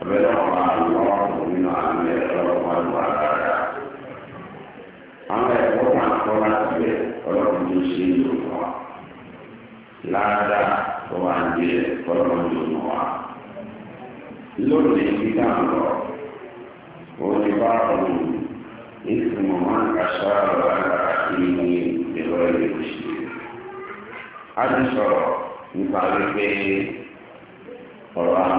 فبدأ الله من عمل الله تعالى أما يقول عن قرآن به ولكم تشيد الله لا دا قرآن به ولكم تشيد لوني كتاب الله واتباع اسم من أشار على أخيه بغير تشيد أبشر نتعرف به قرآن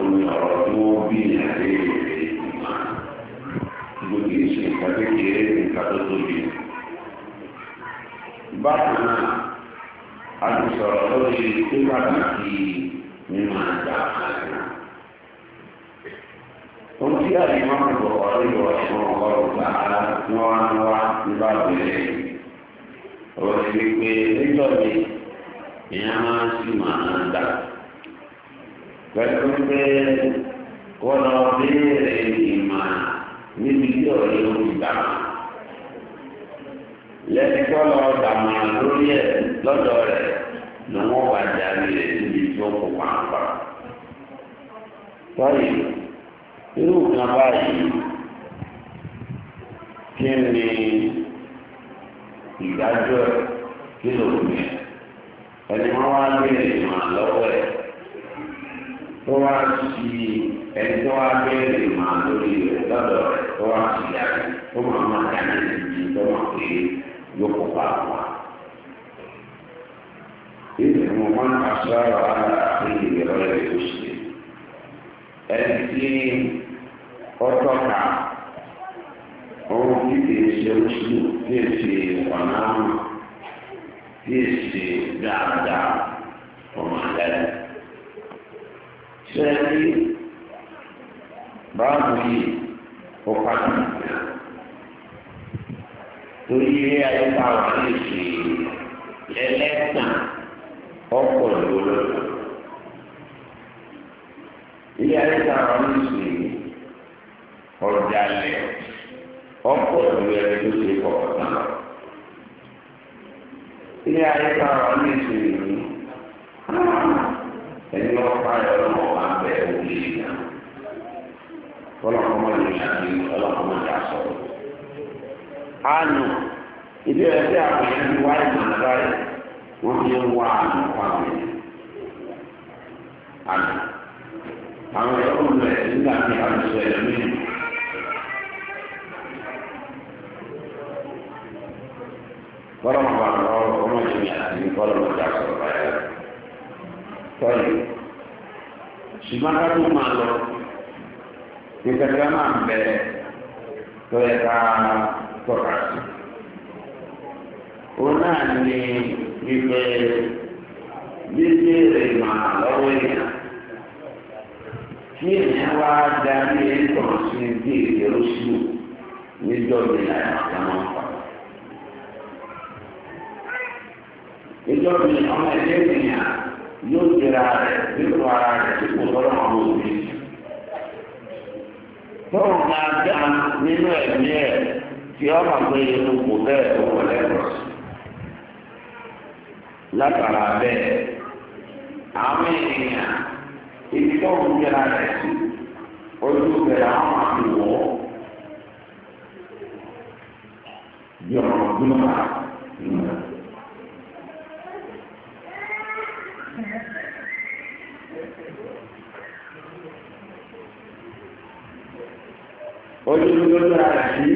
òun ọ̀rọ̀ tí wọ́n bí ìyàrá èrè ìgbà gbogbo ìṣe nǹkan kékeré nǹkan tó tóbi. bákan náà a ti sọ̀rọ̀ lórí tó pàtàkì nínú àgbà àgbà. ohun tí àyíká ń bọ̀ ọ̀rọ̀ ìwọ̀ ẹ̀fọn ọ̀rọ̀ gbàgbà ni wọ́n á wá nígbà bẹ̀rẹ̀ ọ̀rọ̀ ìwé pé nítorí ìyá máa ń sì máa ń dàgbà pẹ̀lú pé wọ́n lọ béèrè ìmọ̀ níbi tí ọ̀rẹ́ yóò fi dàmà. lẹ́yìn tó lọ dàmà lórí ẹ̀ lọ́dọ̀ rẹ̀ ni wọ́n wá jáde rẹ̀ níbi tí wọ́n kó pàǹpà. sọ́yì irú kan báyìí kí ni ìdájọ́ kí ló ń bẹ̀ ẹni wọ́n wá béèrè ìmọ̀ lọ́wọ́ ẹ̀ tó wá sí ẹni tó máa lórí rẹ̀ lọ́dọ̀ rẹ̀ tó wá sí àyè tó máa máa dáná ìdí tó máa pè é yóò kó pa wá. Ìdè mo máa ń aṣọ àwọn ará àfihàn ìrọ̀lẹ́ rẹ̀ tó ṣe. Ẹni tí ó tọ́ka ohun tí ṣe oṣù kìí ṣe ọ̀nà tí kìí ṣe dáadáa ọmọ àdáyé sẹ́ẹ̀rí báàbù yìí ó pàtàkì torí ilé ayé ta wà lè ṣe ẹlẹ́tàn ọkọ̀ lólo ilé ayé ta wà lè ṣe ọ̀dàlẹ̀ ọkọ̀ lólo ẹni tó ṣe kọ̀ọ̀kan ilé ayé ta wà lè ṣe yìí ẹni lọ́wọ́ pààyà ọlọ́mọ wa ń bẹ ẹ̀wù lè nà ọlọ́mọ ní ìyàgbé ọlọ́mọ ní àsọ̀rọ̀. àánú ìdí ẹ̀rọ tí àwọn èèyàn ti wáyé màá báyìí wọ́n fi ń wá àánú pàmò àná àwọn ẹ̀rọ ń bẹ̀ nígbà tí a ti sọ ẹ̀rọ mi. Bọ́lá wọn bá lọ ọmọ ìṣẹ̀lẹ̀ àti bọ́lá wọn jà sọ̀rọ̀ báyìí sọ́yìn ṣùgbọ́n ká tó máa lọ ìtẹ̀lẹ́ máa ń bẹ tó yẹ ká tọ́ka sí. òun náà ní wípé bíbélì máa lọ́wọ́ èèyàn tí èèyàn wá darí ẹ̀tàn sí bí ìrẹsì níjọ́ mi láyà àtàwọn ọ̀pá. ìjọ́ mi ọmọ ẹ̀jẹ̀ yóò jẹra rẹ̀ nínú ara rẹ̀ tí kò lọ́rọ̀ àwọn òbí. Tóun máa dá nínú ẹ̀mí ẹ̀ tí ó máa gbé inú kò bẹ́ẹ̀ tó wọ̀ lẹ́nu. Látara bẹ́ẹ̀, àwọn ènìyàn ibi tó ń rẹ̀ sí ojú bẹ̀rẹ̀ àwọn àti wọ́. Bí ọ̀rọ̀ máa. ojú ló lọ́ra rẹ̀ sí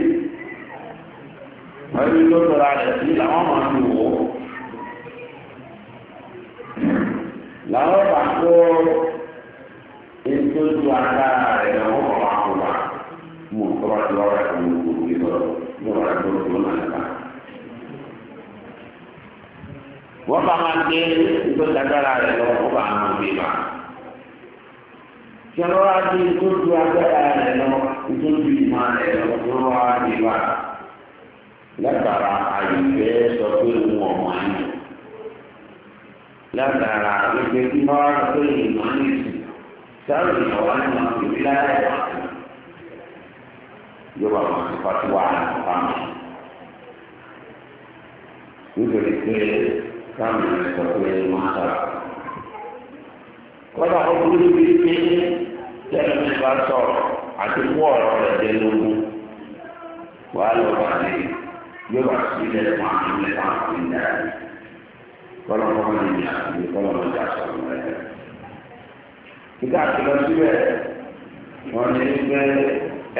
ojú ló lọ́ra rẹ̀ sí làwọn máa ń wò ó làwọn bá kó ètò ju agbára rẹ̀ làwọn bá wà kó wà mú tọ́ba tó wà rẹ̀ kó ló kó lè lọ ní ọ̀rẹ́ tó tó náà nípa. wọ́n bá máa gbé ètò agbára rẹ̀ lọ kó bá máa gbé bá. kí wọ́n wá ju agbára rẹ̀ lọ nítorí ìmọ̀ ẹ̀rọ tó wá nípa látara àyùfẹ́ sọ pé òun ọ̀mọ̀ àyàn látara wípé kí wọ́n wá pé ìmọ̀ nìsí sáré ìyàwó àyàn ìbí láyé wà yóò wà sí fatuwa àpamọ nítorí pé káàmù sọ pé wọ́n sára kọ́dà ó burú bíi pé tẹ́lẹ̀ mi bá sọ̀rọ̀ àti mú ọ̀rọ̀ rẹ̀ jẹ́ lógún wàá lọ wà lé yóò wà sílẹ̀ fún àwọn ilé fún àwọn ilé ayé kọ́lọ́ kọ́ ní ìyá ìlú kọ́lọ́ lọ jà sọ̀rọ̀ rẹ̀. Kíkà ti lọ síbẹ̀ wọ́n ní pé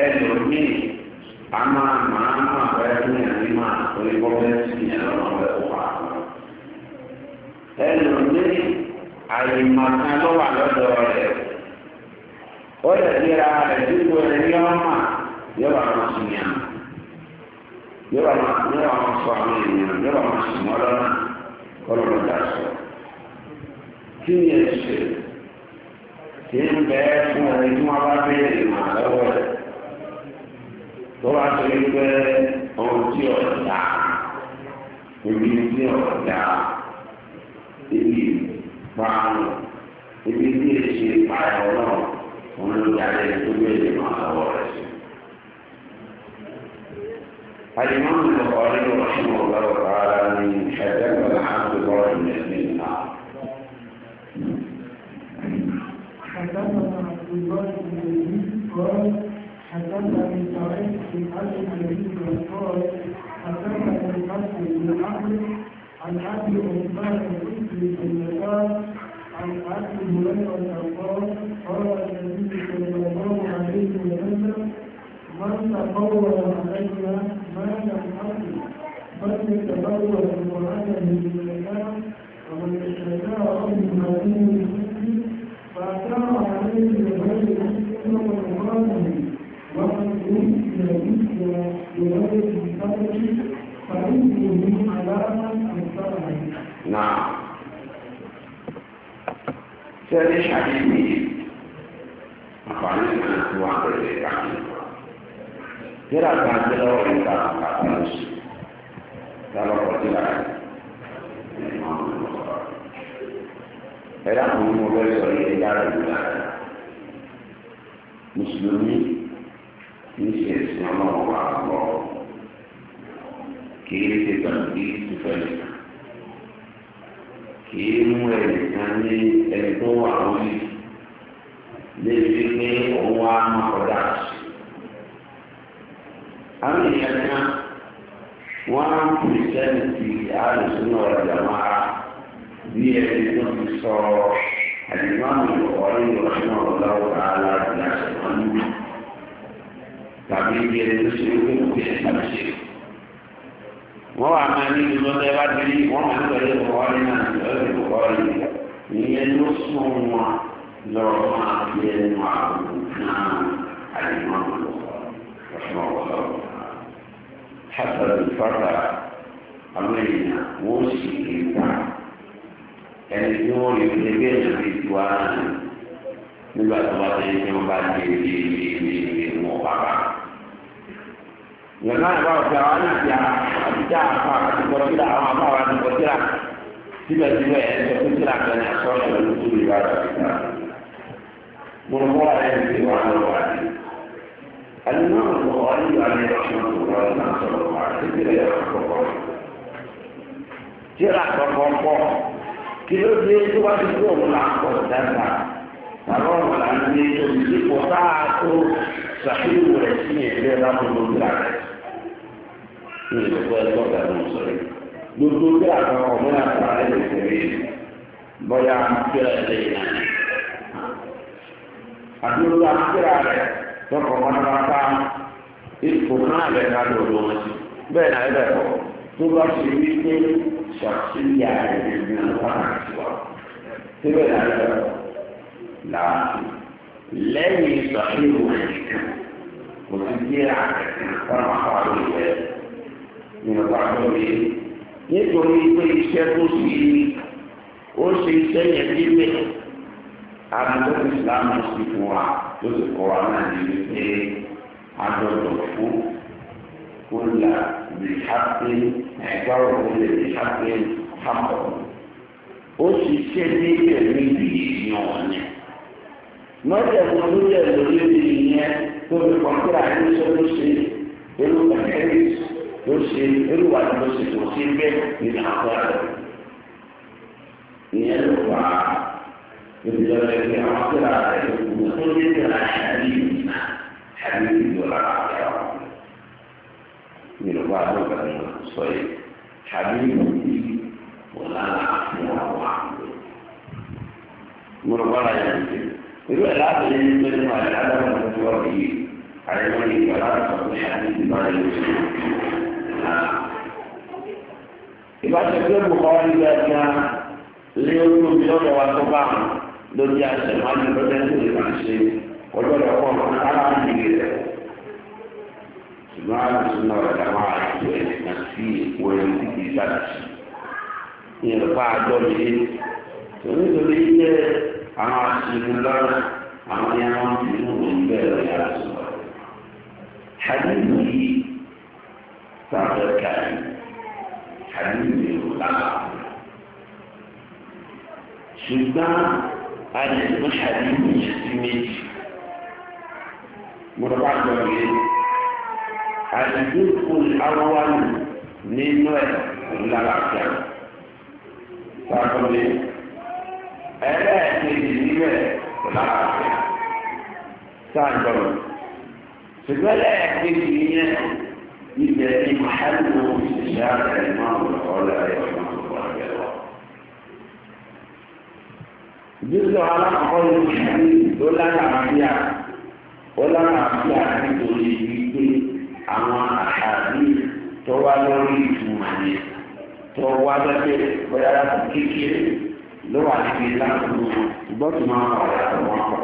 ẹlòmíì a máa máa máa fẹ́ fún ẹ̀mí máa torí bọ́ sí ìyẹn lọ́wọ́ bẹ́ẹ̀ kó wà á lọ. ẹlòmíì àyè màkà ló wà rẹ̀ ó lè ríra rẹ̀ dípò rẹ̀ ní ọmọ yóò àwọn sùnyàn yóò àwọn sọ àwọn ènìyàn yóò àwọn sùn wọn lọ́nà kọ́lọ́ ló dà sọ. kí ni èsì kí ń bẹ fún ẹni tí wọn bá béèrè màá lọ́wọ́ rẹ̀ tó bá sọ wípé ohun tí ọ̀dà èmi tí ọ̀dà èmi pààrọ̀ èmi tí èsì pààrọ̀ náà. ومن يعني الدنيا مع الوارثين الإمام البخاري رحمه الله تعالى من حدثنا عبد الله من يزيد نعم حدثنا عبد الله بن يزيد قال حدثنا من سعيد بن أبي يزيد قال حدثنا من حسن بن عمرو عن أبي عثمان بن قال عن أبي هريرة قال قال النبي صلى الله عليه وسلم من تطور علي ما لم أكن فليتبوأ مقعده من النار ومن استشار من هذه المسجد فأثار عليه بغير حكمة مقامه وقد أوتي مثل بغير حكمة فإنه علامة الصالح نعم sẹ́ni ṣàkíyèsí àǹfààní kan tí wọ́n bẹ̀rẹ̀ káàkiri. Yẹ́rà kan tí lọ́wọ́ yìí ta kàkà kan sí. Lálọ́pọ̀ tí là ẹ dákun ní mo fẹ́ sọ yìí ẹ dára ìlú la. Mùsùlùmí ní ṣe ẹ̀sìn ọlọ́run wà lọ. Kìí ṣe tàbí ìtúfẹ́ nìkan. Kìí mú ẹnìkan ní wá máa kọjá àṣì. àwọn èèyàn náà wọ́n á ń pè sẹ́ni ti àlùsùnà ọ̀rọ̀ máa bí ẹni tó ti sọ àdìmọ́nù ọ̀rẹ́ ìrọ̀sùnà ọ̀rọ̀ ọ̀rọ̀ aláàbìláṣẹ̀ wọn ní tàbí bí ẹni tó ṣe wípé kò tẹ̀lé tàbí ṣe. wọ́n wà máa ní ìlú lọ́dẹ bá ti rí wọ́n máa ń tọ́lé ìkọ́rí náà lọ́dẹ ìkọ́rí ìyẹn ló sún wọn lọ́ọ́ máa fi ẹnu àwọn. نعم الإمام البخاري رحمه الله تعالى حسب الفرع أمرنا وصي الإنسان النور يتبين في الدوان nígbà tó bá tẹ̀lé tí wọ́n bá di ibi ibi ibi ibi mọ̀ bàbá. Ìgbà náà báwo ti àwọn náà ti àbíjá àfa àtìkọ́ síra àwọn àbáwá àtìkọ́ síra síbẹ̀síbẹ̀ ẹ̀ ń sọ síra kan ní àsọ̀rọ̀ ìlú tó lè bá àtìkọ́ síra. والله يجب عن الوعدي الإمام البخاري عليه رحمة الله صلى الله عليه وسلم جرى فقط كيلو ديتو واحد يوم العقل دفع فرغم عن ديتو دي قطعته صحيح ورسمي غير رقم الدرع من الأخوات وضع المصري دكتور دكتور أخوة من أخوة عليه الكريم بيع مكتور علينا àdúró àkíra rẹ̀ lọ́kọ̀ pátápátá ipò náà rẹ̀ ká ló ló wọn sí bẹ́ẹ̀ náà ẹ̀rẹ̀ kọ̀ tó bá ṣe wí pé ṣàṣìyà rẹ̀ nínú àpáta àti wa síbẹ̀ náà ẹ̀rẹ̀ kọ̀ láàbù lẹ́yìn ìṣàṣìyà rẹ̀ kò sí díẹ̀ àkẹ́kọ̀ọ́ àwọn àwọn ìwẹ̀ nínú pàtó mi nítorí pé iṣẹ́ tó ṣe ó ṣe iṣẹ́ yẹn bí mẹ́rin. àdúgbò ìsìlámù sì fún wa ló sì kọ́ wa náà ní wípé agbọ́dọ̀ fún kólà bìhápé ẹgbàrọ kólà bìhápé hápọ ó sì ṣe ní ẹ̀mí ìbìyí wọn ni lọ́jọ́ ìfọdún jẹ́ lórí ìyẹn tó fi kọ́ńtà àìsàn ló ṣe irú ẹ̀ẹ́dì ló ṣe irú wà ló ṣe tó ṣe bẹ́ẹ̀ ní àkọ́rẹ́ ìyẹn ló fà á. يبدأ يعبر على من على حبيب حبيب ولا عبر من بعض من الصيد حبيب ولا عبر مربلا يمكن يقول لا تجد من ما العدم والجوار به على من من من يقرأ فقد حديث من يمكن إذا تكلم خالدا كان ليكون بلغة وتبعه lórí àṣẹ àṣẹmáyé lọ́jọ́ tó lè máa ṣe ọjọ́ lọ́pọ̀ sára nìyí rẹ̀. ṣùgbọ́n àlùsùn náà rẹ̀ máa ju ẹ̀sìn àti èkó ẹni tí kìí ṣàlàyé. ìyẹn bá a gbọ́ mi nítorí pé àwọn àṣìlú lọ́rọ̀ àwọn ni wọ́n ti mú òun bẹ́ẹ̀ ni àwọn ti mu àṣọ. Hadithi yìí sáfẹ́ kàrí, hadithi yìí ò lára. ṣùgbọ́n a lè mú ṣàdéhùn ìṣẹ́sí méjì mo bá gbọ́ yé àdínkù awọ́wálù nínú ẹ̀ lálàáfíà sábọ́lé ẹlẹ́ẹ̀kejì níbẹ̀ lálàáfíà sábọ́lé ṣùgbọ́n ẹlẹ́ẹ̀kejì yẹn ibẹ̀ ni màálù ìṣẹ́ àtẹ̀mọ́ ọ̀rọ̀ ọ̀la ẹ̀fọ́. ìgbésẹ̀ alákọ̀ọ́ yóò ṣe ló lálàáfíà ó lálàáfíà nítorí wípé àwọn àṣàbí tó wá lórí ìtumọ̀ yẹn tó wá lọ́pẹ́ bóyá láti kékeré ló wà níbi láàbùrù ṣùgbọ́n tó máa wà wà lọ́wọ́ pọ̀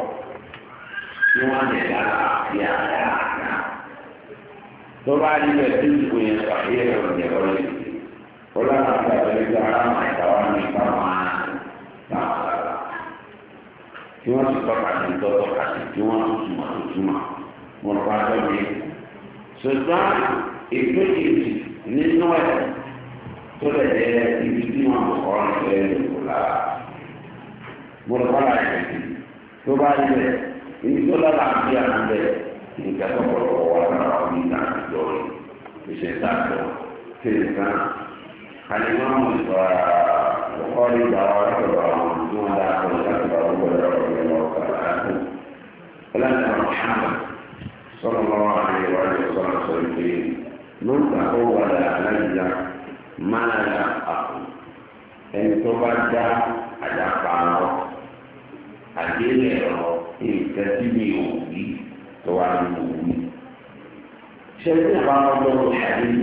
kí wọ́n lè lálàáfíà dáadáa tó bá níbẹ̀ tí ìlú yẹn pàdé ẹ̀rọ ìjẹ̀rọ yẹn ó lálàáfíà lórí ara màá ìtawà nípa máa. tí wọ́n ti tọ́ka sí tọ́tọ́ ka sí tí wọ́n ti túmọ̀ tó túmọ̀ wọn kọ́ adé mi. ṣùgbọ́n ètò ìdí nínú ẹ̀ tó lè jẹ́ ibi tí wọ́n kọ́ ẹ̀ lòkù lára. wọn kọ́ ara ẹ̀ tó bá yẹ ibi tó lára àti àbẹ̀ nígbà tó kọ̀ lọ́wọ́ wà lára omi náà àjọ rẹ̀ ìṣẹ̀dá àjọ tẹ̀lé kan. kàlẹ́ máa lánàá Muhammad sọ̀rọ̀ lọ́wọ́ àyè wà ní sọ̀rọ̀ sọ̀rọ̀ pé ló ń gbà ó wà lára aláìyá máa ya àpò ẹni tó bá dá àdàpà ọ àdélẹ̀ ọ nǹkan tí mi ò rí tó wà ní òwú. ṣé tí ìbá ọgbọ́n mi àdéhùn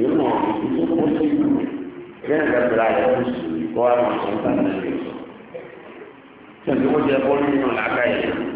yóò mọ̀ ìdí tó kó sí ìlú bẹ́ẹ̀ gbàgbé ayé kó sì kọ́ àwọn sọ̀tàn náà lè sọ. ṣé ìdí kó jẹ́ nínú làákàyè náà.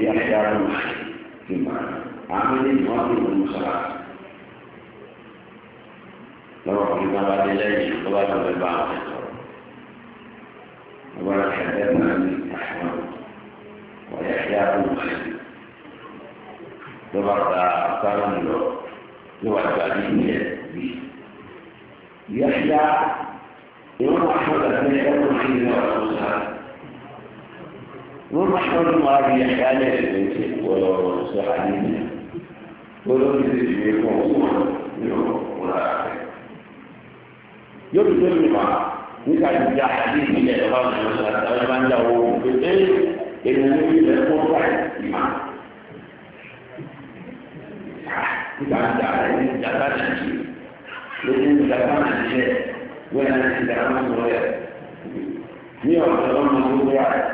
هي اختيار في المعنى عمل واجب المشرع لو رحمنا بعد الليل خلاصة بالبعض ولا حدثنا عن أحمد ويحيى بن مخلد ضبط أعطانا له لوحد عليه يحيى يوم أحمد أن يكون عندنا رسول الله wọ́n máa ṣọ́ ní wàá rí ẹ̀ka lẹ́sẹ̀ tó ti pọ̀ sọ àdéhùn fún ọ̀hún ní ọ̀hún rẹ̀. yóò tó ní ma nígbà tí ìjà àdéhùn ilẹ̀ ọba ọ̀sán ọ̀sán máa ń dà owó pé ẹ ènìyàn ní ilẹ̀ fún báyìí ìmà. nígbà tí ìjà rẹ̀ ìjà bá ti jì lójú ìjà bá ti jẹ wẹ́n ní ti rẹ̀ ní ọ̀sán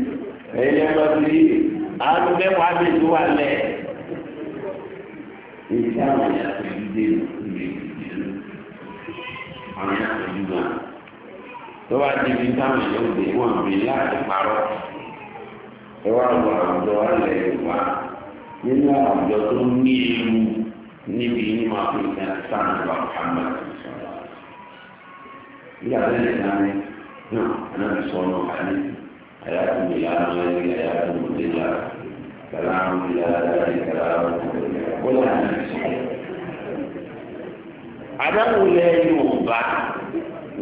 ẹ̀yẹ lọ sí àánú mẹ́wàá mi tó wà lẹ̀. èyí táwọn ẹ̀yà tó ń dé ìlú ìlú àwọn ẹ̀yà tó ń dùn án. tó bá di ibi táwọn ẹ̀yà òde wọn bí láti parọ́. ẹ lọ àwùjọ nínú àwùjọ tó ní ewu níbi sáà náà حياة بلا مال حياة بلا كلام بلا ذلك كلام كل هذا Adamu lẹ Yorùbá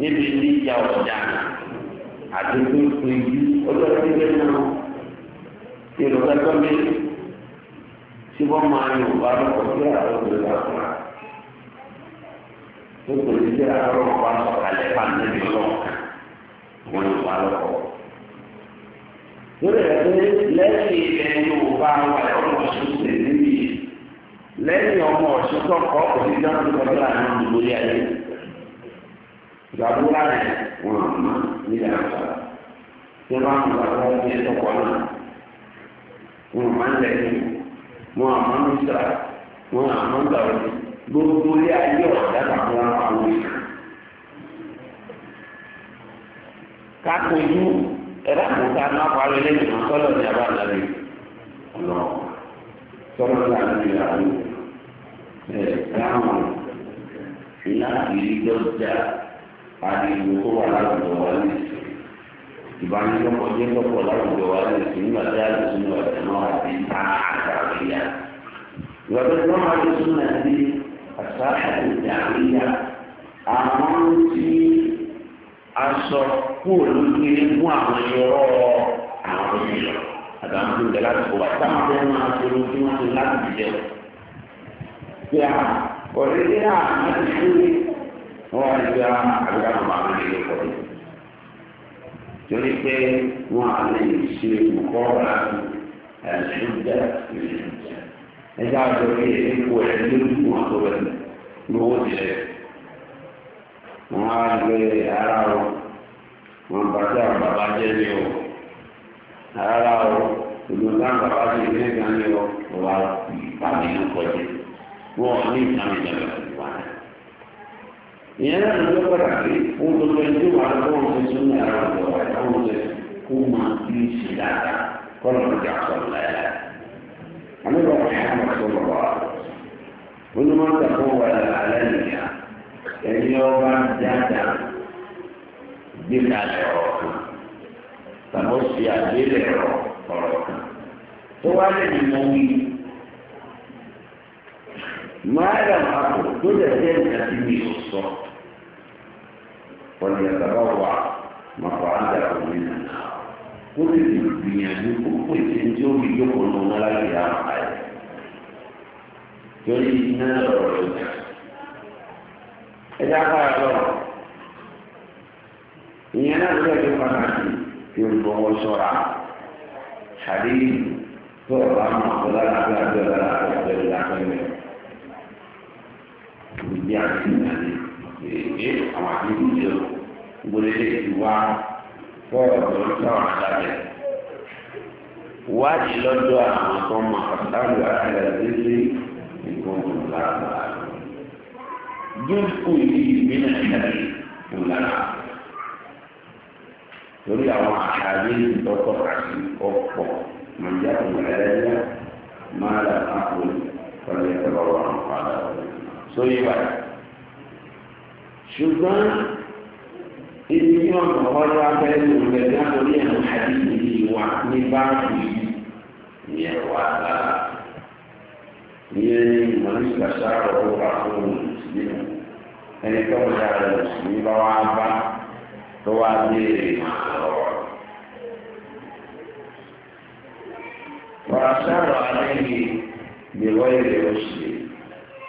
níbi ní ìjà ọjà àti tó pé yí ọjọ́ tí bẹ́ẹ̀ náà Yorùbá tó bí tí wọ́n máa Yorùbá lọ́kọ̀ sí àwọn Yorùbá kan. Tó kò ní sí àwọn ọ̀pá sọ̀kalẹ̀ fún àti ẹ̀mí lọ́kàn. Wọ́n Yorùbá lọ́kọ̀. lórí rẹ̀ pé lẹ́yìn yorùbá wà ọmọ ọ̀ṣun ṣe níbi lẹ́yìn ọmọ ọ̀ṣun tó kọ́ kò sí dáhùn tó kọ́ láàrin lórí ayé ìgbàgbọ́ láàrin wọn àmọ́ nílẹ̀ àgbà tí náà wọn ń wọn ń wọn ń gbogbo ilé ayé ọ̀dà àwọn ìkà ẹ̀rọ àkókò àná parí lẹ́yìn náà sọ́lọ̀ ní abá àdàbí ọ̀nà sọ́lọ̀ ní àdàbí àdàbí ẹ̀ dáhùn láti rí dọ́jà ariwo tó wà láwùjọ wa ní ìsìn ìbánilọ́pọ̀ jẹ́ lọ́pọ̀ láwùjọ wa ní ìsìn nígbà tí a lè sún ní ọ̀sẹ̀ náà àti àgbàwíyà ìgbà tó wọ́n máa lè sún náà sí àṣà àti àgbàwíyà àwọn tí. aṣọ kúrò lórí ilé fún àwọn ìrọ̀ àwọn ìrọ̀ àtàwọn tó ń bẹ láti kó wa táwọn fẹ́ máa ṣe ohun tí wọ́n ti láti jẹ. Bí a ọ̀rẹ́ ní àná ti ṣúlé wọ́n wá nígbà àgbà máa ń lè kọ́ ni. Torí pé wọ́n á lè ṣe ìkọ́ ọ̀la ẹ̀sùn jẹ́ ìrìn. Ẹ jáde orí èkó ẹ̀ lórí fún àtọ́wẹ́lẹ̀ lówó tilẹ̀. wọ́n á gbé ara o wọ́n bàtà bàbá jẹ́ ní o ara o ìgbọ̀nsá bàbá jẹ́ ní ẹ̀ka ní o wà bàbá yẹn kọjá wọ́n ní ìsàmì ìjọba ìwà rẹ̀. ìyẹn náà ló pàtàkì fún gbogbo ẹni tó wà lọ́wọ́ ṣe sún ní ara ọ̀dọ̀ rẹ̀ táwọn ṣe kó máa bí ṣe dáadáa kọ́lọ̀ ló jà sọ̀rọ̀ láyà. àmì bàbá yẹn á máa sọ̀rọ̀ wà. onímọ̀ ń tàkùn wà lálẹ́ nìyà. ẹni ọba dáadáa gbéra lẹ̀rọ tàbí ó ṣe àgbélẹ̀rọ ọ̀rọ̀ kan tó wá lẹ́yìn mọ́ wí. Máyà àpò tó lẹ̀ jẹ́ ìgbà tí mi ò sọ. Wọ́n yẹ bàbá wa máa fọ àdá omi nàná. Ó lè lè gbìyànjú kó pèsè tí ó fi jókòó lọ́wọ́ láti ra àyè. Torí iná lọ̀rọ̀ lọ́jà ẹ̀yà fara lọ. ìyẹn náà ló lẹ́jọ́ pàtàkì tí olùbọ̀wọ̀ sọ̀ra ṣàdé tó ọ̀rọ̀ àmọ́ àbọ̀lá àti àbẹ̀lá àti àbẹ̀lá àbẹ̀lá ìdí àti ìdí èdè àwọn àti ìdí o gbọ́dọ̀ lè ti wá fọ́ọ̀rọ̀ tó sáwọn àdábẹ̀. wádìí lọ́dọ̀ àwọn tó mọ̀ pàtàkì àti àbẹ̀lá nǹkan lára. جزء من الحديث كلنا يريد أن أحاديث تطرق أفق من جاء العلاج ما لا أقول فليتبرع قال سويبا شوفان إذن يوم تخرج بين المجاز الحديث mùsùlùmí ẹni tó ń dára mùsùlùmí bá wá bá tó wá béèrè ọ̀rọ̀. وأشار عليه بغير رشد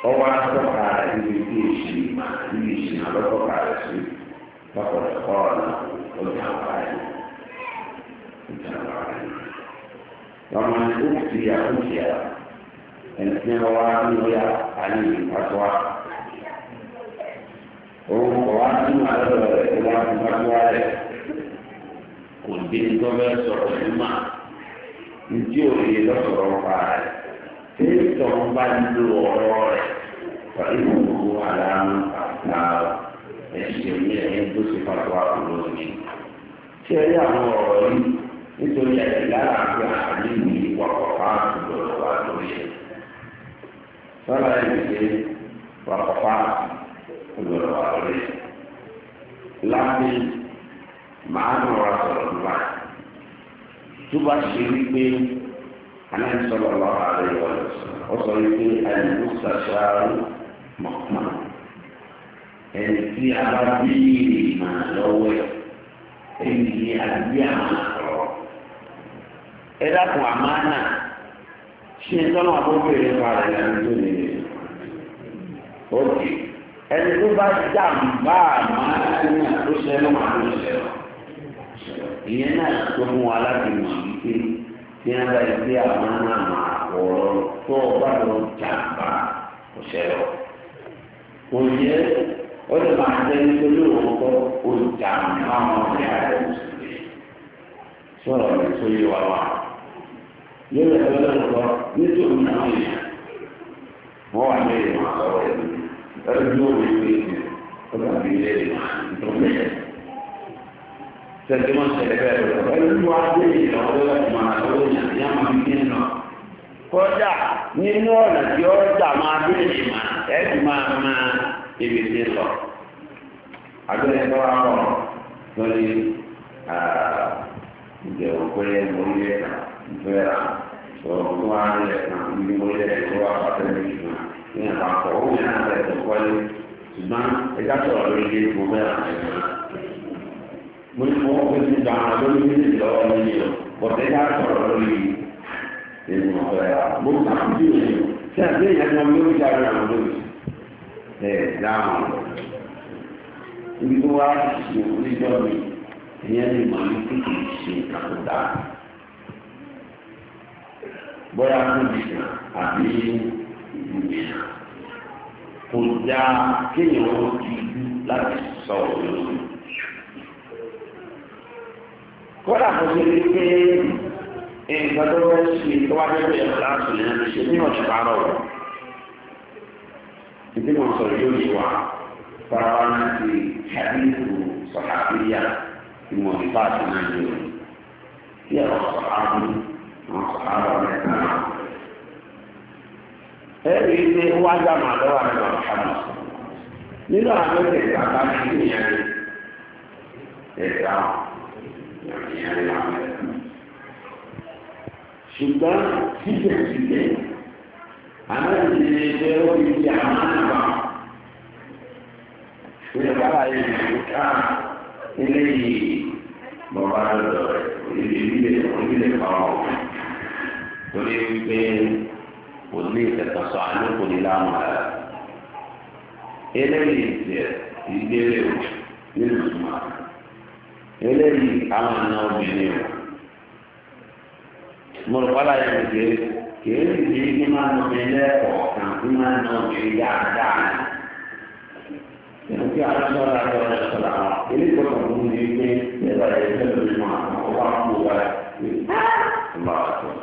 هو أتوقع أن يجيش يجيش على توقع رشد فقد قال وجعل عليه وجعل عليه ومن أوتي أوتي ẹnìkan wa ni ó yà á ní ìpàtọ́wà òun kọ̀ wá sí màá lọ́dọ̀ rẹ̀ kó wá sí wájú wá rẹ̀ kò dé ní tó fẹ́ sọ̀rọ̀ sí mà ntí òye lọ́sọ̀rọ̀ pa rẹ̀ tí tọ́wọ́n bá nílò ọ̀rọ̀ rẹ̀ pàdé ìwòkú aláàmú àtàwọn ẹ̀ṣẹ̀ mi ẹ̀yìn tó ṣe pàtó àkùrọ̀ mi. tí ẹ rí àwọn ọ̀rọ̀ yìí nítorí ẹ̀sìn lára àti àdéhùn ìwà wà lórí ẹ̀. sọ́la ẹ̀ ń ṣe wà gbọ́dọ̀ wà lórí ẹ̀. láti màá nù ọ̀rọ̀ sọ̀rọ̀ nípa tó bá ṣe wípé aláìsọ̀rọ̀ lọ́wọ́ ààrẹ ìwọ̀lẹ̀ ó sọ wípé àìmúṣàṣàrò mọ̀kàn ẹni tí a bá bí ìmọ̀ lọ́wọ́ ẹ̀ ẹni tí a bí àmà lọ́wọ́. ẹ dákun àmánà ṣé ń tọ́nà àbúrò ìrẹ́pà rẹ̀ lẹ́nu tó nìyẹn. ó kì ẹni tó bá já mbà máa ń ní àtúnṣe ló máa ń ṣe ìyẹn náà tó mú wa láti mọ̀ wípé tí wọ́n bá yẹ kí àwọn náà máa wọ̀rọ̀ tó o bá lọ já mbà kò ṣe lọ. kò yẹ ó lè máa jẹ nítorí òun kọ́ ó já mbà wọn ní òṣèlú sọ̀rọ̀ ní tó yé wa wá. yóò lè fẹ́ lọ́dọ̀ nítorí àwọn èèyàn wọ́n wà ní ìmọ̀ àlọ́ ẹ̀mí. ẹjọ́ òwe pé ọba mi lè dùnmẹ́. Sẹ́ńtì máa ń ṣẹlẹ̀ bẹ́ẹ̀ lọ. Ẹjú adé ìlànà láti máa lọ́wọ́ yàn ní àmà mi nínú. Kọjá nínú la tí ó dà máa dé ìmà ẹ̀dì máa ma ebi di lọ. e tó wá rọ̀ lórí ìjẹun pé mo ní ẹ̀ka ìfẹ́ ra. Sọ̀rọ̀ tó wá ń lẹ̀ kan ní mo lẹ̀ tó wá ní àpapọ̀ ó ní àwọn ẹ̀sìn kọ́lé ṣùgbọ́n ẹja sọ̀rọ̀ lórí ilé ìgbò mẹ́ra ẹ̀yìn mo ní wọ́n fi ti gba àwọn lórí ilé ìlọ́wọ́ nílé o bọ̀dé ẹja sọ̀rọ̀ lórí ìlú ọ̀rẹ́ wa mo ní àwọn bí òye tí a gbé ìyẹn náà lórí ìjà rẹ̀ àwọn lórí ẹ̀ dáhùn ibi tó wá ṣe kò já kéèyàn ó di ibi láti sọ ọ̀rọ̀ lórí. kódà kò ṣe ní pé nǹkan tó tó wá ṣe tó wá fẹ́ bẹ̀rẹ̀ láti lè ṣe ní ọ̀sẹ̀ parọ́ rẹ̀. ìdí mo so yóò se wa farawa ní ti hadithu sọ̀hábíyà ìmọ̀ nípa àti náà yóò. bí àwọn sọ̀hábí àwọn sọ̀hábà mẹ́ta náà. ẹ̀rí ilé wájà máa lọ́wọ́ àmì ọ̀hánà nínú àwọn ẹgbẹ́ ìgbàgbá ní ìyẹn àwọn ṣùgbọ́n síbẹ̀síbẹ̀ àwọn ìdílé àwọn àgbà ilé yìí torí wípé. وليك التصالح إلى ما إليه يديره للمسلمين إليه أمن نوبينيو مرقلا يمكن كيف يجي ما نوبينيو وكان ما نوبينيو دعنا يمكن على صلاة عليه السلام إليه كلهم يجي إذا يجلس ما الله أكبر الله أكبر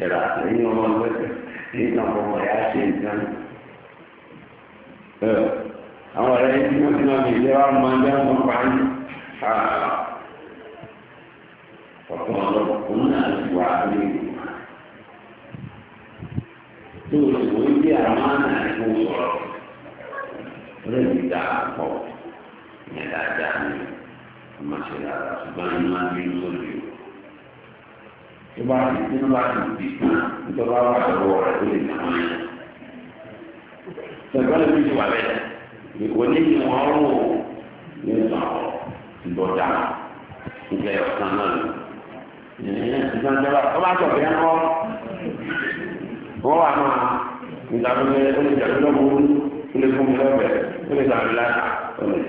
يلا أيها المؤمنون nígbà ọmọ ya ṣe nǹkan àwọn ọ̀rẹ́ tí wọ́n ti náà lè wá mọ ẹgbẹ́ ọmọ pàánù ọ̀pọ̀ ọ̀pọ̀ náà ti wà ní ìgbìmọ̀ tó o sì wọ́n bí àwọn àná tó bá nínú bá ti ìjọba wà lọ́wọ́ rẹ̀ tó lè nà án yẹn. Ṣèkọ́ lè fi ti wà bẹ́ẹ̀. ní kí wọ́n rò ní ìsọ̀rọ̀ ìbọ̀dà ìgbẹ́ ọ̀sán náà lò. Ìjọba ọba àtọ̀bí ẹ̀ kọ́. Wọ́n wà máa ìdàgbẹ́ olùjàdúrà burú mi lọ́bẹ̀ẹ́ tó lè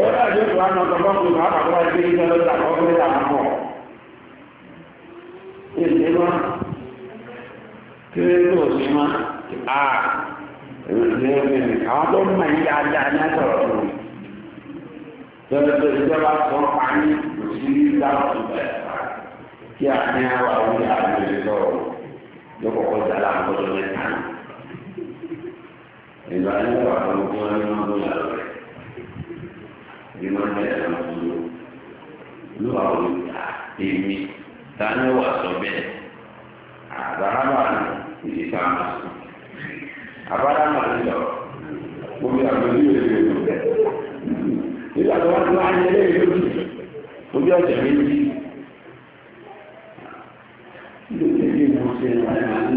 ọ̀rọ̀ àjọ́jọ́ wá náà tọ́gbọ́n fún ìwà àpapọ̀ ẹgbẹ́ ìjọ lọ́ta ọkùnrin àpapọ̀ ìdí wá kí ló sí wá à ìdí ẹgbẹ́ àwọn tó mọ̀ ní dáadáa ní àtọ̀rọ̀ fún mi lọ́dọ̀ ìjọba sọ pàmì òṣìṣẹ́ ìdáhùn kí a ní àwọn àwọn ìyàwó ìjọ lọ́kọ̀ọ́kọ́ jàlá àkọ́jọ́ mẹ́ta ìgbà ní nínú ọ̀rẹ́ ẹ̀rọ dúró olúwa ò èmi dání wà sọ bẹ́ẹ̀ àbárámà ìdí tá a máa sùn àbárámà lọ omi àgbẹ̀lú yóò lè lò bẹ́ẹ̀ nígbà tó wọ́n lójú ojú méjì lóde mo ṣe ń wáyé máa ń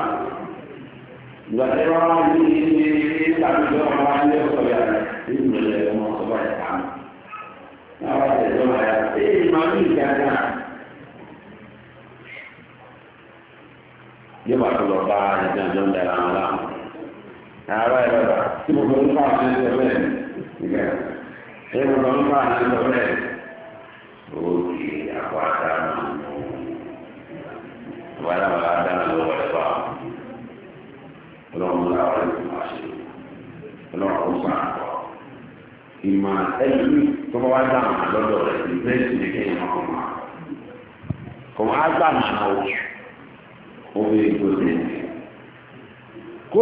ní ìgbà tí wọ́n máa ní ní tàbí tí wọ́n máa ní ọ̀sọ̀ yà ní ìmọ̀lẹ̀ ọmọ ọ̀sọ̀bà yà pa mí. Náà tẹ̀sán máa yà pé màá ní ìgbà náà. Yóò bá tó lọ bá ìjà ìjọ ń dára wọn láàmú. Ààrẹ ẹ̀rọ tí mo fẹ́ ń fà ní ẹsẹ̀ bẹ́ẹ̀ ìgbà. Ṣé mo fẹ́ ń fà ní ẹsẹ̀ bẹ́ẹ̀? Ó kì í àpò àtàwọn ọmọ. Bàbá ọlọ́run ló àwọn ẹni máa ṣe ọlọ́run ló sàn àpọ̀ ìmọ̀ ẹlẹ́mì tó wá gbà máa lọ́dọ̀ rẹ̀ ìbẹ́sì ní kéèyàn máa kọ́ máa kọ́ gbà ó fi ètò kó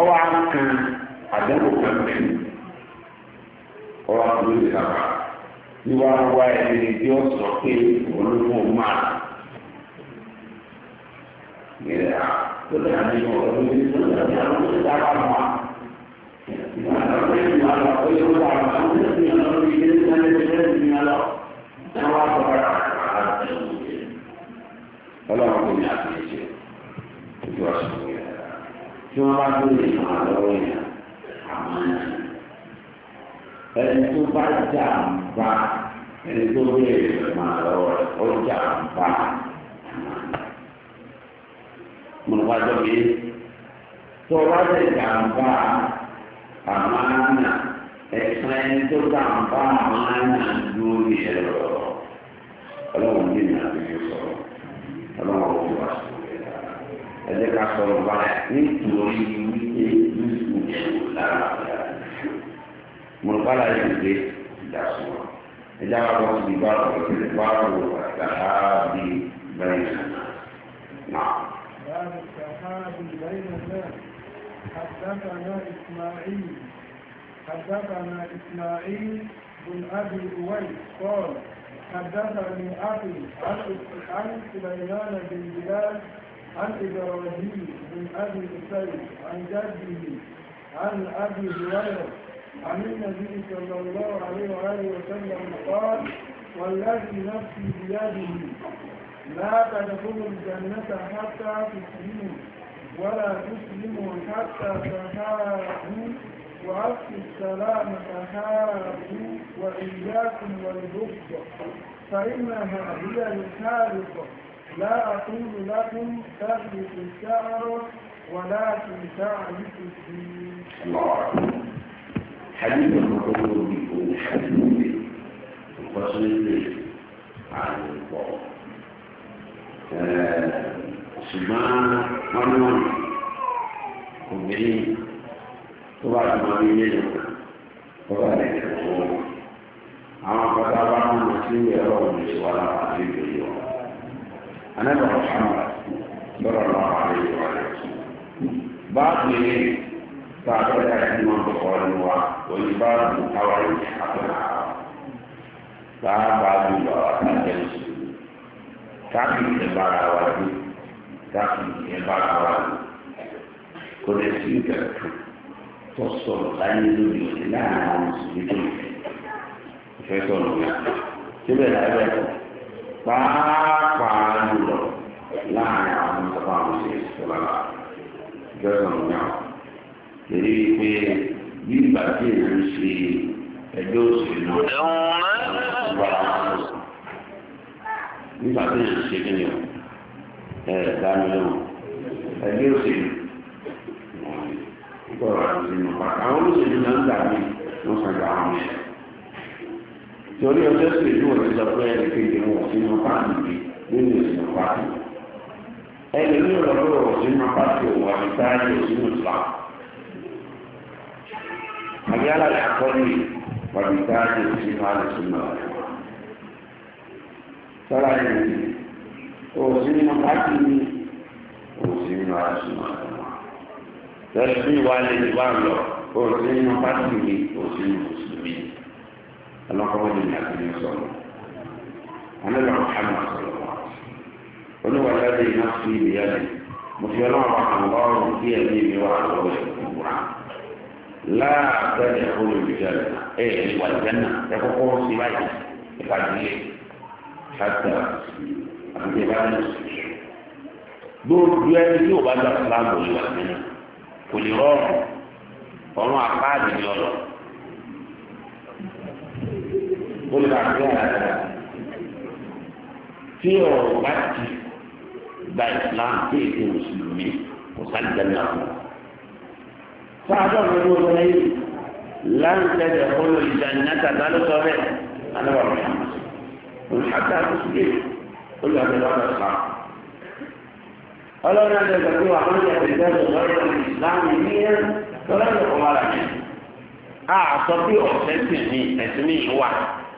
gbọ́ lè àdéhùn kan bẹ̀ ọ̀rọ̀ àbúrò ìsàkà wíwá wá ẹni tí ó sọ pé olóògùn máa gbèrè à lórí àdéhùn ọ̀rọ̀ ní ìlú ìlú ìdára mọ́ àwọn ẹni wà lọ pé ó wà lọ sí ìlú ìlú ìlú ìlú ìlú ìlú lọ ẹ wá sọ pé ọlọ́run kò ní àtúnṣe ojú ọ̀sán tí wọ́n bá gbé ìmọ̀ àlọ́ ìyá ẹni tó bá jà ń bá ẹni tó béèrè rẹ̀ máa lọ́wọ́ rẹ̀ ó jà ń bá mọ̀nàbájọ́ mi tó bá lè jà ń bá àmàlà ẹ̀sán ẹni tó jà ń bá àmàlà lórí ẹ̀rọ ọlọ́run ní ìrìnàjò sọ̀rọ̀ ọlọ́run ọ̀gbìn wá sí i ẹ̀jẹ̀ ká sọ̀rọ̀ báyà nítorí wípé yíṣu ìṣòro lára àgbà mọ̀lùbálà yìí dé ìdásùn wọn ẹ̀jẹ̀ àwọn ọmọ ti bá ọ̀rọ̀ tẹ̀lé bá ọ̀rọ̀ àgbà bí bẹ́ẹ̀ náà. حدثنا إسماعيل حدثنا إسماعيل بن أبي أويس قال حدثني أبي عن سليمان بن بلال عن إبراهيم بن أبي سيد عن جده عن أبي هريرة عن النبي صلى الله عليه وآله وسلم قال والذي نفسي بيده لا تدخل الجنة حتى تسلموا ولا تسلموا حتى تهابوا وأبقوا السلام تهابوا وإياكم والبغض فإنها هي الخالقة لا أقول لكم تحرك الشعر ولكن تعرف الدين الله حديث المحور بيكون حديث مبين الفصل الليل عن الله آه، سمعنا مرمان كبيرين وبعد ما بينينا وبعد الحضور عم فتابعنا مسلمي يرون بسوالات anábì Muhammad sallallahu alaihi wa sallam báàbù yìí tá a tọ́jà sí wọn tó kọ́ ní wa òní báàbù táwa yìí àtọ́nà báà báàbù bàbá tá a jẹ́ sí káàkiri ẹ̀ bára wa dé káàkiri ẹ̀ bára pàápàá jùlọ láàrin àwọn sábà òṣèlú ìṣẹ̀lẹ̀ àlá ìjọsìn ọ̀gbìn lórí pé bí ìgbà tí èèyàn ń ṣe ẹgbẹ́ òṣèlú nígbà tí èèyàn ń ṣe kí ni ẹ dáni lóhùn ẹgbẹ́ òṣèlú ìgbọràn ìṣèlú àwọn olóṣèlú náà ń dàbí wọn sàgbà àwọn ẹ̀. che torí ọjọ́ sí ìlú òní sọ pé ẹni kejì wọn ò sínú páàkì bí nínú ìsìn páàkì ẹni ní ọlọ́pàá ò sínú páàkì òun àti táyà ò sínú ìlà O se akọ́ni àbí táyà ò o se sọ́ra ẹni ò sínú Se ní ò sínú àlùsùnà o se lè wá lọ ò o se ní ò sínú ìsìn. ọlọ́kọ́wọ́ ní ìyàgbé sọ̀rọ̀ ọlọ́lọ́ ọ̀hánà sọ̀rọ̀ olúwa jáde iná sí ibi yá ni mo fi ọlọ́run bá kàn lọ́rùn kí ẹ̀mí mi wà lọ́wọ́ ìkúra láàbẹ̀rẹ̀ olùdíjọ́lẹ̀ ẹ̀ ìwà ìjẹ́nà ẹ kọ́kọ́ sí báyìí ìpàdé ṣáàtà àti ìbáraẹni gbogbo ẹni tí ò bá gba fúlàmù ìwà ìjẹ́nà kò lè rọrùn ọ̀run àpáàdé ni ọlọ́run ó lè máa gbé àrà rẹ̀ tí ọ̀rọ̀ bá ti gba islam tí èdè mùsùlùmí kò sálìdá náà fún un. sáájọ́ mi ló sọ yìí láǹtẹ̀dẹ̀ kọ́lọ̀ ìdánilátà tá ló sọ bẹ́ẹ̀ anáwó àwọn ọmọ olùhàtà tó sì sọ ọlọ́run àti ẹ̀sọ́ pé wàá máa ń yàtọ̀ ìdájọ́ islam ní ẹ̀ lọ́rọ̀ ìkọ̀wá rà mí. a sọ pé ọ̀sẹ̀ sì ní ẹ̀sìn ní ìwà.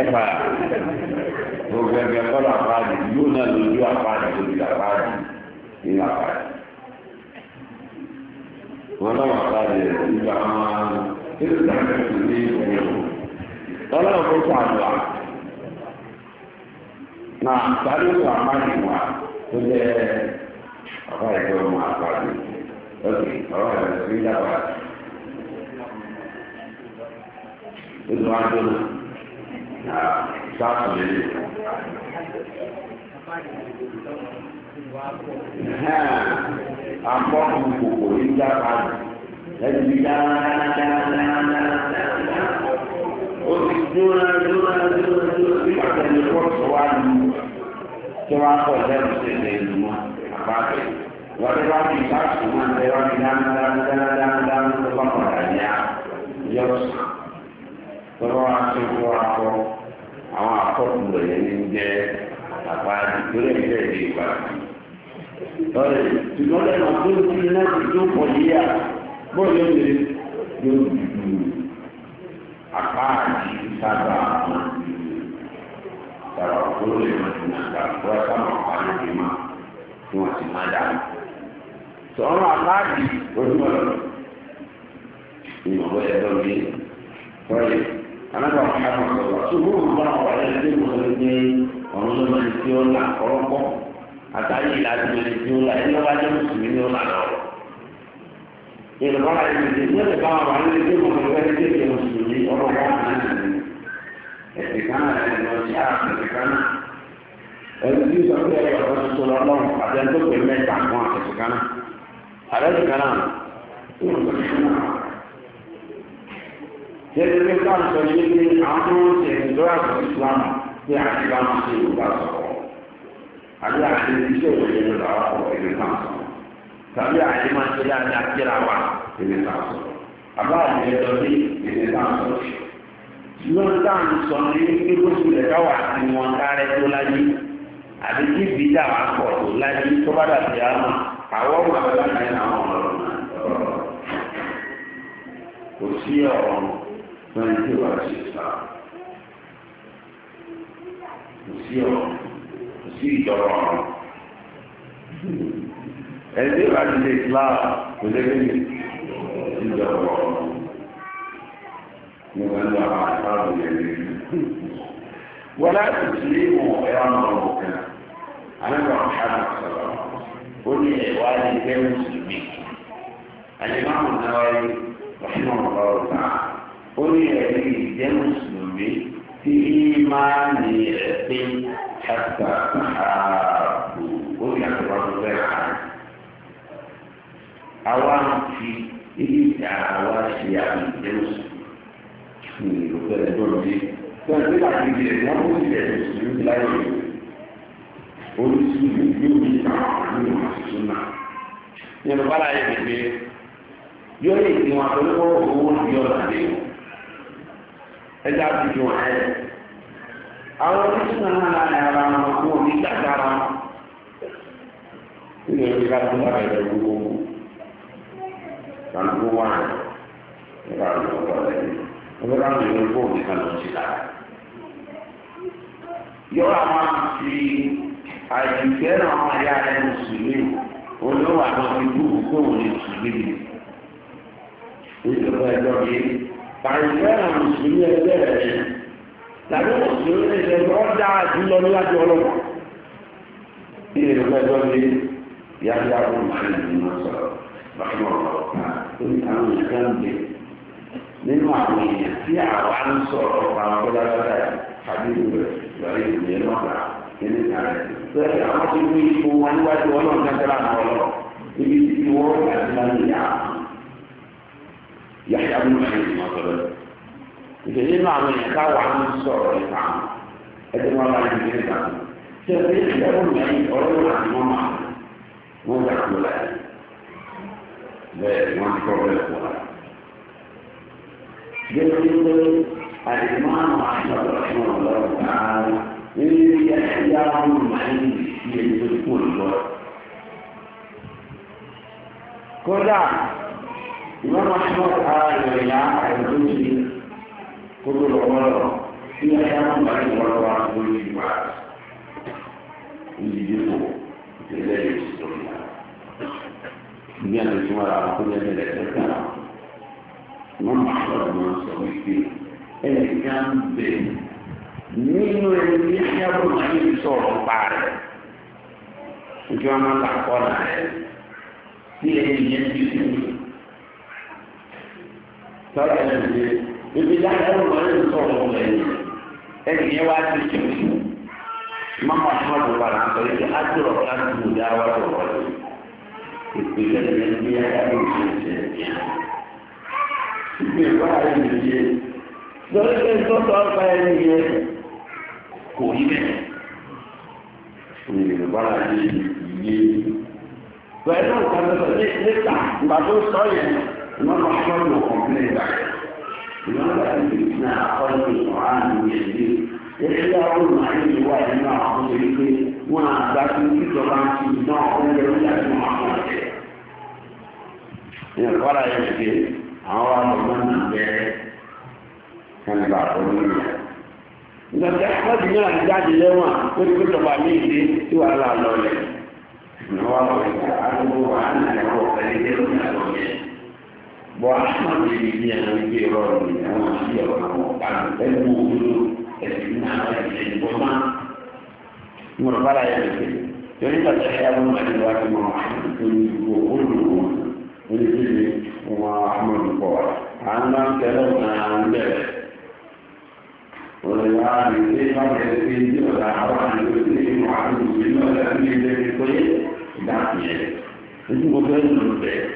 ẹ̀fà gbogbo ẹgbẹ́ kọ́lọ̀ àpáàdì yóò náà lójú àpáàdì lójú àpáàdì nínú àpáàdì. wọ́n náà wà láti rẹ̀ nígbà máa ń tẹ́lẹ̀ tàbí ẹ̀sùn ní ìwọ̀n. ọlọ́run tó kọ́ àdúrà náà sáré wà má wà tó jẹ́ ọ̀pá ìjọ ọmọ àpáàdì lókè ọ̀rọ̀ ẹ̀sùn ìjàpá. Ìgbà tó náà sáàtù lélẹ̀. Àpọ̀kù kòkò ní dábàá ẹni bí dáadáadáadáa. Ó ti dúró dúró dúró dúró nígbà tó ní pọ́ọ̀tù wá lu tí wọ́n á pọ̀ lẹ́nu sí ilẹ̀ ìlú wọn àbábẹ́. Wọ́n ti wá ní sáàtù wọn lẹ́wọ́n ní dáadáadáadáa tó bá pọ̀ dàní á yọ̀ọ̀sán. tọ́lọ́ aṣojú akọ àwọn akọ́kù rẹ̀ ní jẹ́ àpáàdì tó lè jẹ́ èdè tó ti tó àpáàdì sábà àwọn sábà tó lè má ti gbà ti má tí wọ́n ti má dà. sọ̀rọ̀ àpáàdì ojúmọ̀ lọ ìmọ̀ alága ọ̀hún náà sọ̀rọ̀ wá ṣùgbọ́n òun bá wà lẹ́yìn tí mo lè ní ọ̀run ló máa ń tí ó là kọ́rọ́kọ́ àtàyè ìlàjì ló lè tí ó là ẹni wá jẹ́ mùsùlùmí ní ọ̀là náà wọ̀. ìrọ̀lá ẹni tí ní ọ̀lẹ̀ bá wà lẹ́yìn tí mo lè wẹ́ ní mùsùlùmí ọ̀rọ̀ wá náà nìyí. ẹ̀sìn kan náà ẹ̀sìn lọ sí sọ fún àtẹ̀sìn kan jẹ́bi pé káàtó yé pé àwọn oúnjẹ ìjọ àgbà ìsìlámù pé àṣìlá máa ṣe yorùbá sọ̀rọ̀ àbí àṣẹ iṣẹ́ ìwòye ló là wà pọ̀ èmi kan sọ̀rọ̀ tàbí àṣẹ máa ṣe dáadáa kíra wa èmi kan sọ̀rọ̀ àbá àṣẹ ẹ̀dọ́ ní èmi kan sọ̀rọ̀ ṣùgbọ́n táwọn sọ ní pé kó tilẹ̀ káwà sí wọn kárẹ́ tó láyé àbí kí ibi dà pọ̀ tó láyé tó bá dàbí àmọ́ àwọn ọmọ àbẹ́lá kò sí ọ̀rọ̀ lórí tí wàá ṣe sá kò sí ọ kò sí ìjọba ọ̀rọ̀ ẹni wàá ti lè fúlá kò lè rí ìjọba ọ̀rọ̀ ní wọn lọ àwọn àtàwọn yẹn lè rí wọn láti tún ìmọ̀ ẹ̀rọ àwọn ọmọ kan àwọn ọmọ kan sọ̀rọ̀ ó ní ẹ̀wá ní ẹgbẹ́ mùsùlùmí àyẹ̀wò àwọn náà wáyé wàhálà ọ̀rọ̀ náà. ó ní ẹ̀rí ìjẹ́ mùsùlùmí tí máa ní ẹ̀sìn ṣàtà ààbò ó ní àtọ́wá tó fẹ́ kà á. àwa ń fi ilé ìjà àwa ṣe àmì ìjẹ́ mùsùlùmí ló fẹ́rẹ̀ tó lọ sí. Fẹ́rẹ̀ tó bàtí ìjẹ́ wọ́n mú ìjẹ́ mùsùlùmí láyé rẹ̀. Oríṣiríṣi yóò ní àwọn àmì ìmọ̀síṣú náà. Yorùbá láyé pèpè yóò lè ti wọn àtọ́lẹ́kọ̀ọ́ owó ìyọ̀lá dé wọn. ẹja fi ẹ àwọn oníṣẹ́ náà na ní ara wọn àwọn oníṣẹ́ àdára dị ẹgbẹ́ ká tó bàbá ẹ̀rọ gbogbo wà nípa àwọn ọ̀pọ̀ rẹ̀ yọ̀ọ́ àwọn náà yá ẹ̀ mùsùlùmí olówó àwọn mùsùlùmí ìjọba ẹjọ́ yìí. pàrọ̀lẹ́rà mùsùlùmí ẹgbẹ́ rẹ̀ tàbí mùsùlùmí ẹgbẹ́ rẹ̀ wọ́n dáa jùlọ níwájú ọlọ́wọ́ bí èrò ẹgbẹ́ mi yáyá ó máa ń bí wọn sọ̀rọ̀ báyọ̀ ọ̀rọ̀ kan tó ní àwọn nǹkan ń bẹ nínú àwọn èèyàn tí àwa ń sọ̀rọ̀ àwọn ọ̀gbọ́dá tàbí rẹ̀ lọ́rí ìgbìyẹn lọ́gbà nínú ìkàrẹ̀ sẹ́yìn àwọn tí wọ́n ti fún wọn níwájú ọlọ́run yàtọ̀ àwọn ọmọ yẹn mọ̀ sọ̀rọ̀ ìṣe nínú àwọn yẹn káwọn àwọn sọ̀rọ̀ nípa àwọn ẹgbẹ́ wọn bá yẹn ní ìgbà tó ṣe pé ìṣe ọmọ yẹn ọ̀rọ̀ wọn àti wọn máa wọn gbà kú láyé bẹ́ẹ̀ wọn ti kọ́ bẹ́ẹ̀ kú láyé. Gẹ́gẹ́ bí àdìmọ́ àwọn àṣàlọ́ fún ọlọ́run káàárọ̀ nínú ilé ẹ̀yà àwọn ọmọ yẹn ti ṣe é kódà ìwọ́n máa ń bọ́ ara rẹ̀ yá àìsàn tó ṣe kó tó lọ wọ́rọ̀ tí wọ́n yá wọn bá ìwọ́n lọ́wọ́ àwọn olùdìbò olùdìbò ìtẹ̀lẹ́ yóò sì tó yá. Ìgbé àti ìtumọ̀ àwọn akọ́jọ́ ẹ̀rẹ̀ ẹ̀ka wọ́n máa ń sọ̀rọ̀ máa ń sọ wípé ẹ̀ka ń bẹ̀ ẹni yẹn ti sùn. sọ̀rọ̀ ẹ̀ ló dé ibi ebe ẹ̀rọ máa ń sọ ọ̀hún lẹ́yìn ẹ̀yìn yẹn wá sí ìjọ sí mọ́mọ́ àtúmọ̀ tó padà ń sọ yìí ádùrọ̀ ádùrọ̀ dá wà tó wọ́n lé ìpìlẹ̀ yẹn bí ayáwó ṣe ń ṣe yẹn. ìpè wá ẹ̀ ló dé lórí sọ́tọ̀ ọ̀pá ẹ̀ yẹn kò yí bẹ́ẹ̀. ìrìn wá sí yẹn. Imam Ahmad will complain about it. Imam Ahmad is not according to Quran and Yahudi. Èsì àwọn màálù yìí wà nínú àwọn ọmọ yìí pé wọn àgbà tí ìjọba ń ti ná oúnjẹ oúnjẹ àti wọn àwọn ọ̀tẹ̀. Ní ẹ̀kọ́ ara yẹn ṣe àwọn wa lọ bá nà bẹ́ẹ̀ ẹni bá tó ní ìyá. Ìgbàgbé Ahmad náà ń jáde lẹ́wọ̀n ó ní kó jọba ní ìdí tí wàhálà lọ lẹ̀. Ìnáwó àwọn ìgbà àdúgbò wà á nà ẹ̀kọ́ pẹ̀lú ìdí ìgbà lọ. وأحمد بن أبي رضي الله عنه قال المولود اسمنا الحلم وما مرفلا يمكن يريد الحياة من أدوات محمد وكله ولكن وأحمد بوار عندما كلمنا عن ذلك ولكن في فرق الدين ولا حرام الدين وعن المسلمين ولا في ذلك كله دعم يدك. إذن وكذا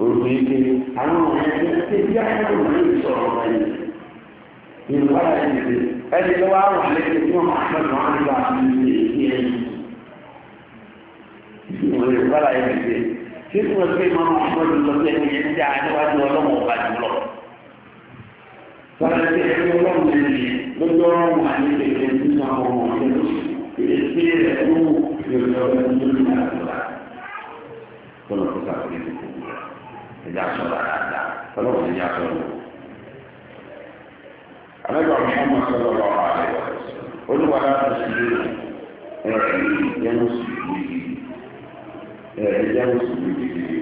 orúkọ yìí kéré àwọn ọmọ ẹgbẹ́ tí bí akáwọn ọmọ yìí sọ̀rọ̀ ọmọ yìí nínú wàhálà yìí ti ẹni tó wá wà lẹ́yìn tí wọ́n máa fẹ́ kàn án nígbà tí wọ́n ti ṣe é nínú wàhálà yìí ti ṣe tí wọ́n gbé máa máa fọ́jú lọ sí ẹni yẹn tí a níwájú ọlọ́mọ ọba jùlọ. wàhálà yìí ti ẹni ọlọ́mọ yìí lójú ọ̀rọ̀ wà ní kékeré tí wọ́n máa wọ̀ ọ́ ìrètí rẹ̀ ló wù yóò lọ sí ọ̀rọ̀ ẹ̀já sọ̀rọ̀ dáadáa ọlọ́run ẹ̀já sọ̀rọ̀ lò. alẹ́gbàá mi ọmọ sọ̀rọ̀ lọ́wọ́ rẹ̀ olúwalá tó sì lé ẹ̀ẹ́dì ìjẹun sì lè di ẹ̀ẹ́dì ìjẹun sì lè di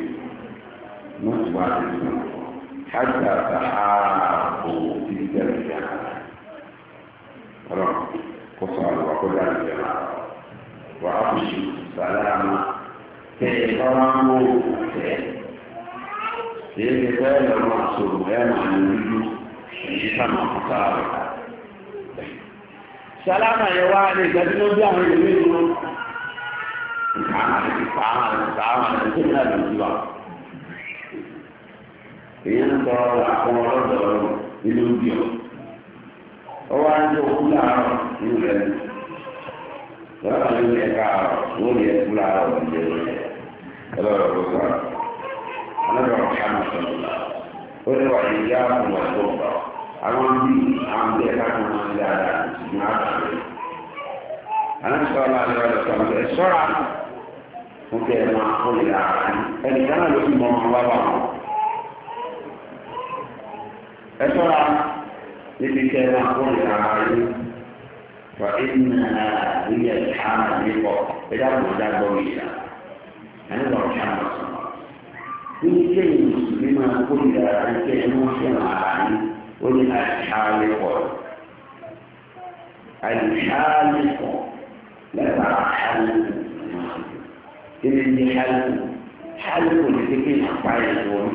wọ́n ti wá sí ìlú hajj àtàkù títí tẹ̀lé ìjà ọlọ́run kó sọ àwọn àkọ́jà ìjà wà á fi sàlámà kẹ́ ẹ̀ bá ń wò ó tẹ̀ èyí ni bẹ́ẹ̀ lọ máa sọ̀rọ̀ ẹ̀ máa ní dúdú èyí sábà kúta rẹ̀. sálámà yẹn wá نبي محمد صلى الله عليه وسلم وإياكم والغربة أمام بي أمام بي أكاكم من لا أنا أسأل الله عليه وسلم السرعة ممكن ما أقول الآن أن كان لكم من الله السرعة لكي كان أقول الآن فإنها هي الحامل إذا مدى بويلة أنا محمد صلى الله عليه وسلم من شيء بما قلت عن شيء مجتمع عن ومن الحالق الحالق لك حل إن اللي حل حل الفكر فيكون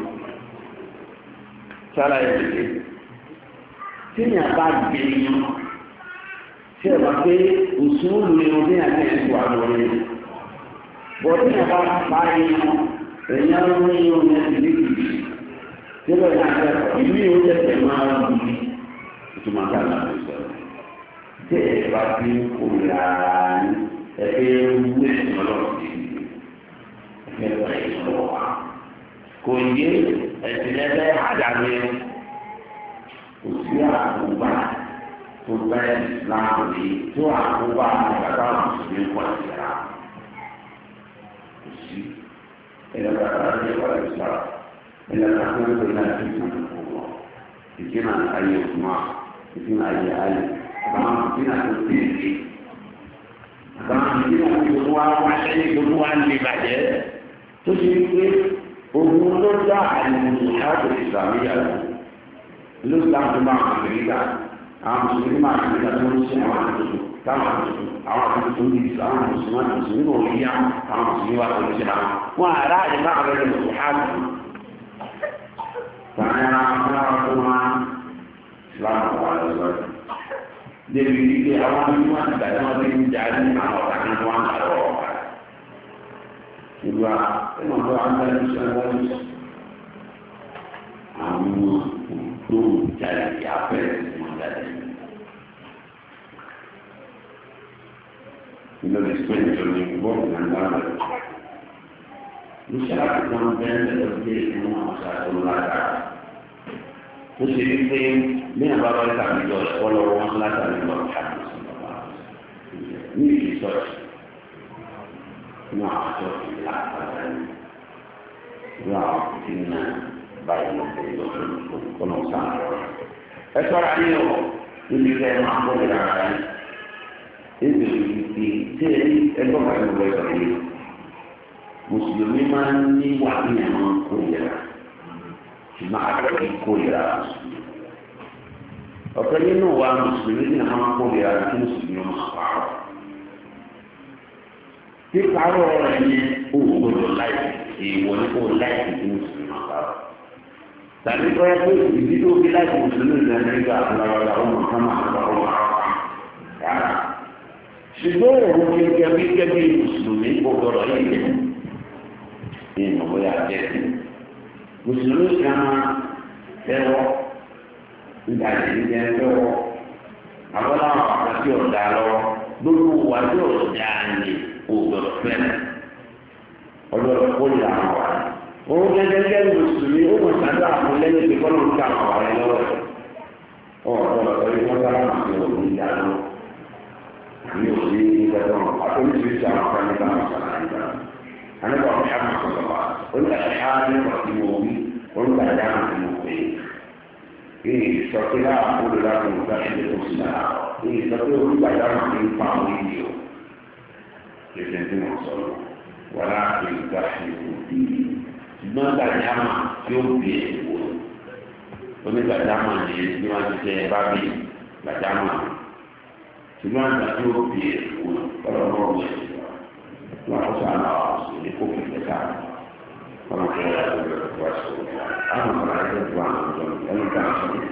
فلا يجب فيما بعد بيني سيما في أصول من أبناء الإسلام وأبناء الإسلام وأبناء الإسلام e ló ní ìwé ike ìdílé kìí níbẹ̀ ní akẹ́kọ̀ọ́ ìlú yìí ó tẹ̀sẹ̀ máa ń bí ìtumọ̀ ká ló ń sọ tẹ́ bá fi ń kó láàárín ẹgbẹ́ ewu ẹ̀sìn ọlọ́ọ̀sìn ẹgbẹ́ ọ̀rẹ́ ìṣòro kò yé ẹ̀sìn lẹ́gbẹ́ àdàgbé kò sí àkóbá tó bá ìsìláàmù ní kò sí. إنما أعرف ولا يسمع إنما أحمد بما تسمع الله تسمع أي يسمع تسمع أي ألف طبعا تسمع تسمع طبعا تسمع يسمع وحشي يسمع اللي بعده تسمع وجود داع المنحات الإسلامية الإسلام تبع أمريكا أمريكا تبع أمريكا تبع أمريكا táwọn àwọn àti tó ń di ìsọ àwọn mùsùlùmí àti mùsùlùmí kò wọ́n yá àwọn mùsùlùmí wà pẹ̀lú sí àwọn wọn ará àdìgbà àwọn ẹgbẹ́ mùsùlùmí hàn mí. tàbí ara ara tó máa láwọn wà lọ́wọ́ débi wípé àwọn ọmọ wọn ti gbàdá wọn ti ń darí àwọn ọ̀tá kan tó wọn kà lọ́wọ́ wa. ìlúwa ẹnu ọ̀dọ́ agbára ìṣẹ́ wọn ní àwọn tó ń jalè yàfẹ́ wọn jalè yìí. nínú ìsọ ìjọ ní bọ́ọ̀lù náà lọ. Níṣẹ́ àkókò ń bẹ́ẹ̀ lọ sí ìlú àṣà tó lágbára. Ó ṣe ní pé ní àbábá ìta àjọ ẹ̀kọ́ lọ́wọ́ wọn látàrí lọ káàkiri sọ̀rọ̀ ní ìlú sọ̀rọ̀ ní àwọn àjọ ìlà àgbàlá ní ní àwọn òkè náà báyìí lọ́kùnrin lọ́kùnrin kọ́nà sáà lọ́rọ̀. Ẹ sọ́ra yín o, níbi tẹ́ ẹ máa kó ìlànà yín. ìgbésẹ̀ ẹgbọ́n máa ń wọ ẹ̀rọ yìí mùsùlùmí máa ń ní wà ní àwọn kórìíra ṣùgbọ́n àgbẹ̀bí kórìíra ọ̀pẹ́ nínú wa mùsùlùmí ní àwọn kórìíra tí mùsùlùmí máa pààrọ̀ píparọ́ rẹ̀ ní òwúrọ̀ láìpẹ́ èèwọ̀ ní kò láìpẹ́ tí mùsùlùmí máa pààrọ̀ tàbí kọ́ ẹ pé ìdílé òbí láìpẹ́ mùsùlùmí ìgbà nígbà àwọn ọ̀rọ̀ àwọn ọmọ ṣùgbọ́n òun gẹ́gẹ́ bí gẹ́gẹ́ mùsùlùmí gbogbo ọ̀rọ̀ yìí lẹ̀ ní ìmọ̀wé àjẹsí mùsùlùmí kan máa tẹ́wọ́ nígbà tí ń jẹ́ tẹ́wọ́ àwọn làwọn àkàtì ọ̀dà lọ́wọ́ gbogbo wa tí ọ̀dà ni òògùn fẹ́rẹ̀ ọlọ́rọ̀ kó lè àwọn wa òun gẹ́gẹ́ gẹ́gẹ́ mùsùlùmí ó mọ̀ sádọ́ àwọn lẹ́yìn tí kọ́lọ́ ń ta àwọn ọ̀rẹ́ lọ́wọ́ ọ̀dọ́ ọ̀rẹ́ wọn sábà máa ń lò ní ìdáná ní òye ìdájọ́ àtọ́lùsírísì àwọn ọ̀gá nígbà wọn sọ̀rọ̀ àyíká anábọ̀ ọ̀gá mi sọ̀rọ̀ wa oníkàtà nípa tí mo wí oníkàtà náà tí mo pè é èyí sọ pé láàbò ló láti mú káṣí lè kó sí náà èyí sọ pé olùgbàdá náà ti ń pa àwọn ìdí o lẹ́sẹ̀ tí mo sọ̀rọ̀ wà láti mú káṣí lè kó sí i ṣùgbọ́n gbàdá máa tí ó bì ẹ̀ wò onígbàdá máa ní ẹni tí wọ́n ti tẹ ẹ bá bì gbàdá máa. ṣùgbọ́n àgbà tí ó bí èkó ọ̀rọ̀ náà wọ̀ sí wa wọn kọ́ sáà náà wà sí ní kókò ìgbẹ́ta wọn kọ́ ọ̀rọ̀ àgbẹ̀ wá sí wọn. àwọn ọ̀rọ̀ àgbẹ̀ tó àwọn ọ̀dọ́ ẹni ká ń sọ̀rọ̀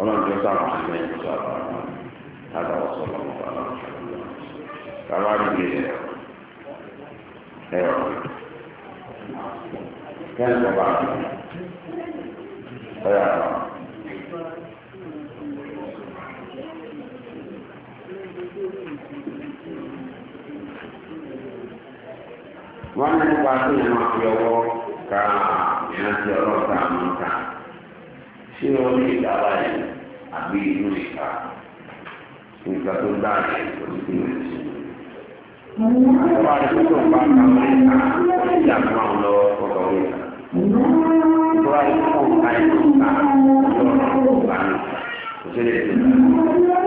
ọlọ́run tó sáà wà sí ẹni tó sáà wà lára wọn sọ̀rọ̀ wọn wà lára wọn. káwá rí bí ẹ ọ̀ kẹ́ńtọ́ bá a ọ̀yà náà. wọ́n ní nípa tó yẹn máa fi ọwọ́ ka ìrántí ọlọ́ọ̀ta àmọ́ ká ṣé orí ìta báyìí àbí inú ìta nígbà tó dá ẹ̀ òsì tó lè ṣe. Àwọn àdúgbò bá kàwé ìta ìjà máa ń lọ ọ̀dọ̀ ìta. Ìtura ìfún ọ̀ka ìlú ìta lọ́rọ̀ ọ̀gá náà. Òṣèlè ìta.